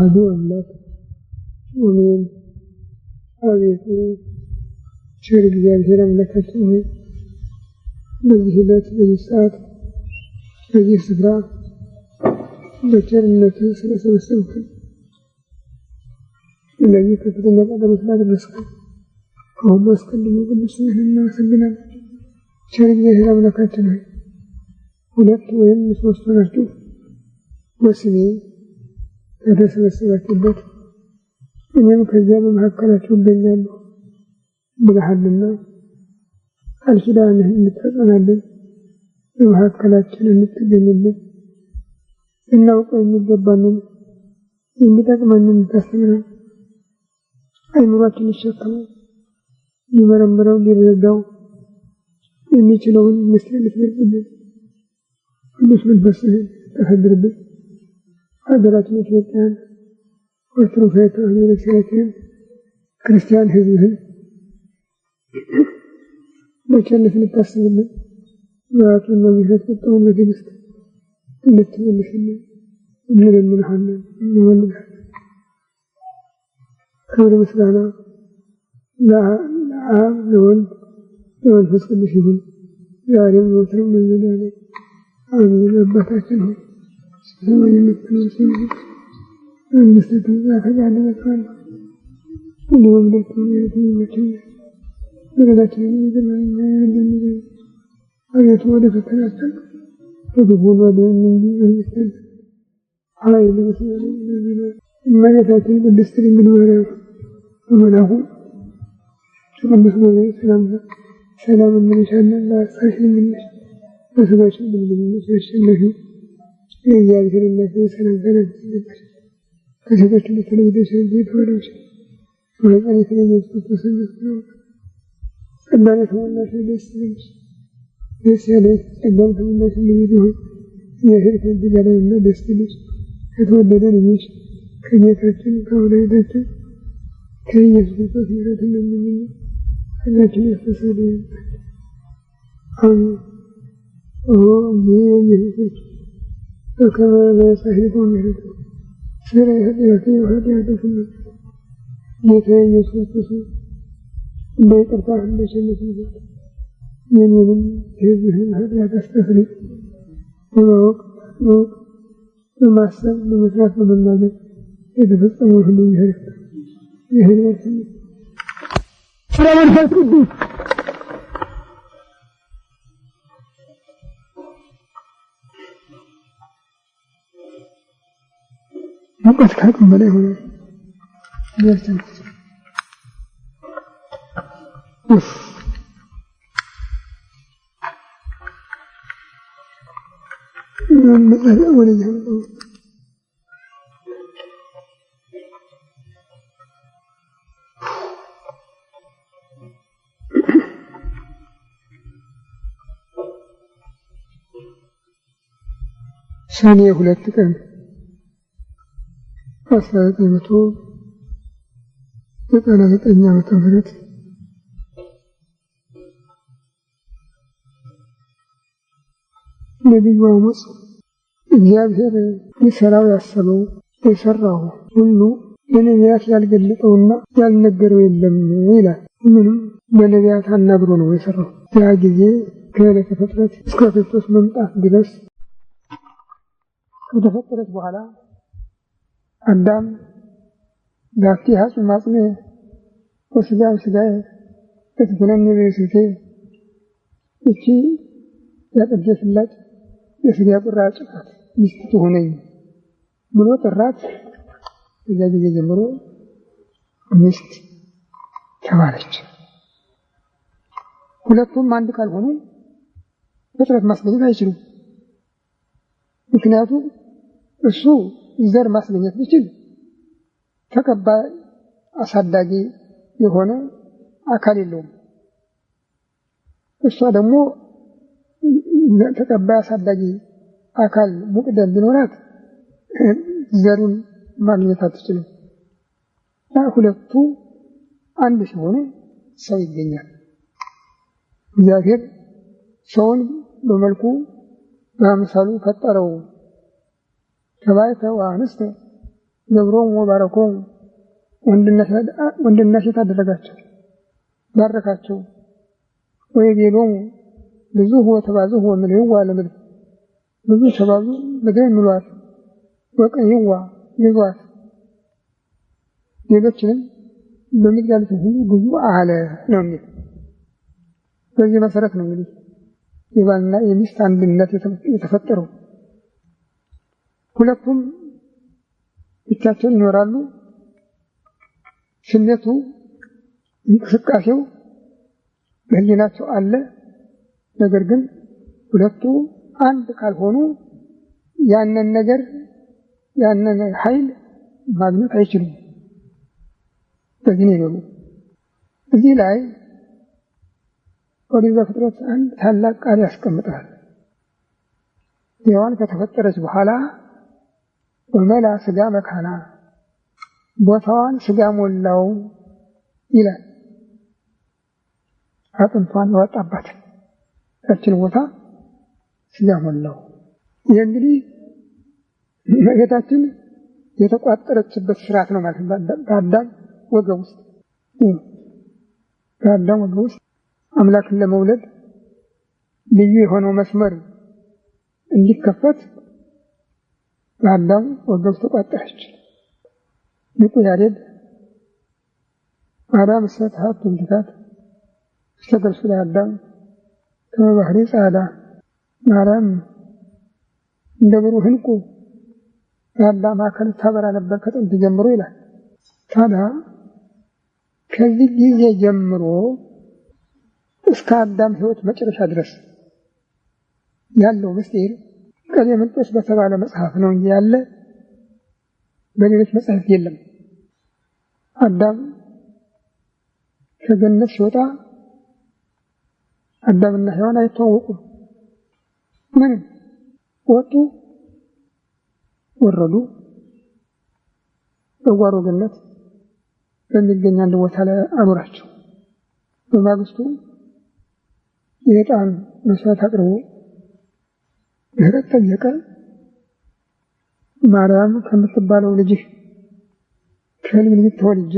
عدوا لك ومن هذه شرك ذلك مملكته بذه بيت بني سعد بني سبرا بجنة سلسة السوق الذي كتب النبي آدم ثلاث مسكن فهم مسكن لمقدس الناس بنا شرك ذلك مملكته ሁለት ወይም ሶስት ናቸው وسنين ከተሰበሰባችሁበት እኔም ከዚያ በመካከላቸው እገኛለሁ ብለሃልና ቃል ኪዳንህ በመካከላችን እንድትገኝልን ልናውቀው የሚገባንን የሚጠቅመንን እንድታስተምረን አይምሯችን ይሸከመው ሊመረምረው ሊረዳው የሚችለውን ምስል ልትገልጽልን ቅዱስ መንፈስህን ታሳድርብን። قدرت مثل الآن قلت رفعت من سنتين كريستيان حزبهم بكلف نتصل منه وأعطوا الوظيفة تطعون الذي مستوى تمثل المسلمين من المنحنى من المنحنى خير مسلمنا لا عام لون لون فسق لا يا رب وترمي من ذلك آمين أبتاكنهم ሰላም እንልሻለን ለአስራሽን ምንሽ በስጋሽን ብልብልን ሰሽን ለሽን የእግዚአብሔር መዝን ሰናዘናችንበት ከሴቶች በተለየ ሰንዴ ተወዳሽ ማህፀን የተለየ ተሰነት ነው። ጸጋን የተሞላሽ ደስ ልጅ ደስ ያለች ጸጋን የተሞላሽ ልጅ ሆን እግዚአብሔር ከዚ ጋርና ደስ ልጅ ከተወደደ ልጅሽ ከጌታችን ከአምላካችን ከኢየሱስ ክርስቶስ ምሕረትን ለምንኝ ጸጋችን ያፈሳል ይሆናል አሜን ኦ ሜ ኢየሱስ وكما لا يستهلكون مهلكون سير يهديك وهدي أهلك النار يتين يسوس تسوس بيت ارتاح من شمس الجنة من يمن هذه الهدية تستفري ونوك نوك نمعسل نمسات من النادر إذا بسطموه من يهلك يهدي يهدي ورا الفاتح මොකක් හරි මලේ හොනේ. දෙයන්. උෆ්. الأول ثانية ولا تكمل በ1999 ዓመተ ምህረት ነቢዩ አሞጽ እግዚአብሔር ሊሰራው ያሰበው የሰራው ሁሉ በነቢያት ያልገለጠውና ያልነገረው የለም ይላል። ምንም በነቢያት አናግሮ ነው የሰራው። ያ ጊዜ ከዕለተ ፍጥረት እስከ ክርስቶስ መምጣት ድረስ ከተፈጠረች በኋላ አዳም ጋቲ ሀጹም አጽሜ ወስጋም ስጋዬ እትኩነኒ ብእሲቴ እቺ ያጥጌ ፍላጭ የስጋ ቁራጭ ናት ሚስት ትሁነኝ ብሎ ጥራት። እዛ ጊዜ ጀምሮ ሚስት ተባለች። ሁለቱም አንድ ካልሆኑ ፍጥረት ማስገኘት አይችሉም። ምክንያቱም እሱ ዘር ማስገኘት ቢችል ተቀባይ አሳዳጊ የሆነ አካል የለውም። እሷ ደግሞ ተቀባይ አሳዳጊ አካል ሙቅደም ቢኖራት ዘሩን ማግኘት አትችልም። ሁለቱ አንድ ሲሆኑ ሰው ይገኛል። እግዚአብሔር ሰውን በመልኩ በአምሳሉ ፈጠረው። ተባይተ አንስተ ገብሮም ወባረኮም ወንድና ሴት አደረጋቸው ባረካቸው። ወየቤሎም ብዙ ምን ወምልህዋ ለምድር ብዙ ተባዙ ምድር ምሏት ወቀይዋ ግዟት ሌሎችንም በምድር ያሉትን ሁሉ ግዙ አለ ነው የሚል። በዚህ መሰረት ነው እንግዲህ የባልና የሚስት አንድነት የተፈጠረው። ሁለቱም ብቻቸውን ይኖራሉ። ስሜቱ እንቅስቃሴው በህሊናቸው አለ። ነገር ግን ሁለቱ አንድ ካልሆኑ ያንን ነገር ያንን ኃይል ማግኘት አይችሉም። በዚህ ነገሩ እዚህ ላይ ኦሪት ዘፍጥረት አንድ ታላቅ ቃል ያስቀምጣል። ሔዋን ከተፈጠረች በኋላ ወመላ ስጋ መካና ቦታዋን ስጋ ሞላው ይላል። አጥንቷን ያወጣባት ያችን ቦታ ስጋ ሞላው። ይህ እንግዲህ መጌታችን የተቋጠረችበት ስርዓት ነው ማለት በአዳም ወገብ ውስጥ በአዳም ወገብ ውስጥ አምላክን ለመውለድ ልዩ የሆነው መስመር እንዲከፈት በአላም ወገብ ተቋጣች። ሊቁ ያሬድ አዳም እሰት ሀብቱ እንድታት እስተገልሱ ለአዳም ከመ ባህሪ ጻዕዳ ማርያም እንደ ብሩህ ዕንቁ ለአዳም አካል ታበራ ነበር ከጥንት ጀምሮ ይላል። ታዲያ ከዚህ ጊዜ ጀምሮ እስከ አዳም ሕይወት መጨረሻ ድረስ ያለው ምስጢር ቀሌምንጦስ በተባለ መጽሐፍ ነው እንጂ ያለ በሌሎች መጽሐፍ የለም። አዳም ከገነት ሲወጣ አዳምና ሔዋን አይተዋወቁም። ምንም ወጡ፣ ወረዱ። በጓሮ ገነት በሚገኝ አንድ ቦታ ላይ አኖራቸው። በማግስቱ የዕጣን መስዋዕት አቅርቦ ምህረት ጠየቀ። ማርያም ከምትባለው ልጅህ ከህልም ተወልጄ